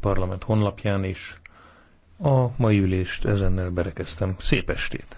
parlament honlapján is. A mai ülést ezennel berekeztem. Szép estét!